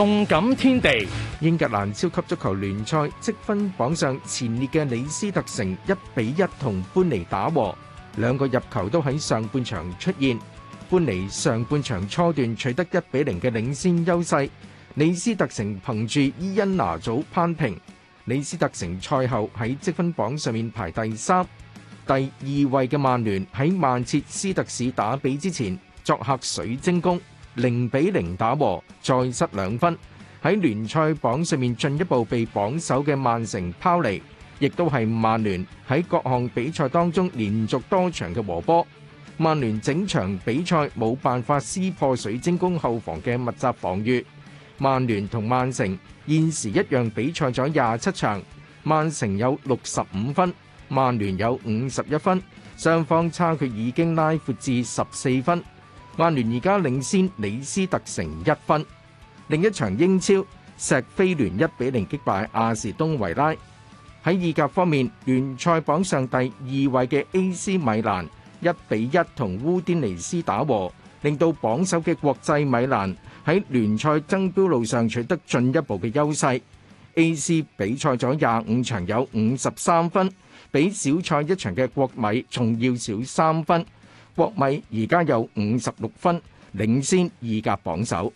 動感天地，英格蘭超級足球聯賽積分榜上前列嘅李斯特城一比一同般尼打和，兩個入球都喺上半場出現。般尼上半場初段取得一比零嘅領先優勢，李斯特城憑住伊恩拿祖扳平。李斯特城賽後喺積分榜上面排第三，第二位嘅曼聯喺曼徹斯特市打吡之前作客水晶宮。零比零打和，再失兩分，喺聯賽榜上面進一步被榜首嘅曼城拋離，亦都係曼聯喺各項比賽當中連續多場嘅和波。曼聯整場比賽冇辦法撕破水晶宮後防嘅密集防禦。曼聯同曼城現時一樣比賽咗廿七場，曼城有六十五分，曼聯有五十一分，雙方差距已經拉闊至十四分。曼聯而家領先李斯特城一分。另一場英超，石飛聯一比零擊敗亞士東維拉。喺意甲方面，聯賽榜上第二位嘅 AC 米蘭一比一同烏甸尼斯打和，令到榜首嘅國際米蘭喺聯賽爭標路上取得進一步嘅優勢。AC 比賽咗廿五場有五十三分，比少賽一場嘅國米仲要少三分。國米而家有五十六分，領先意甲榜首。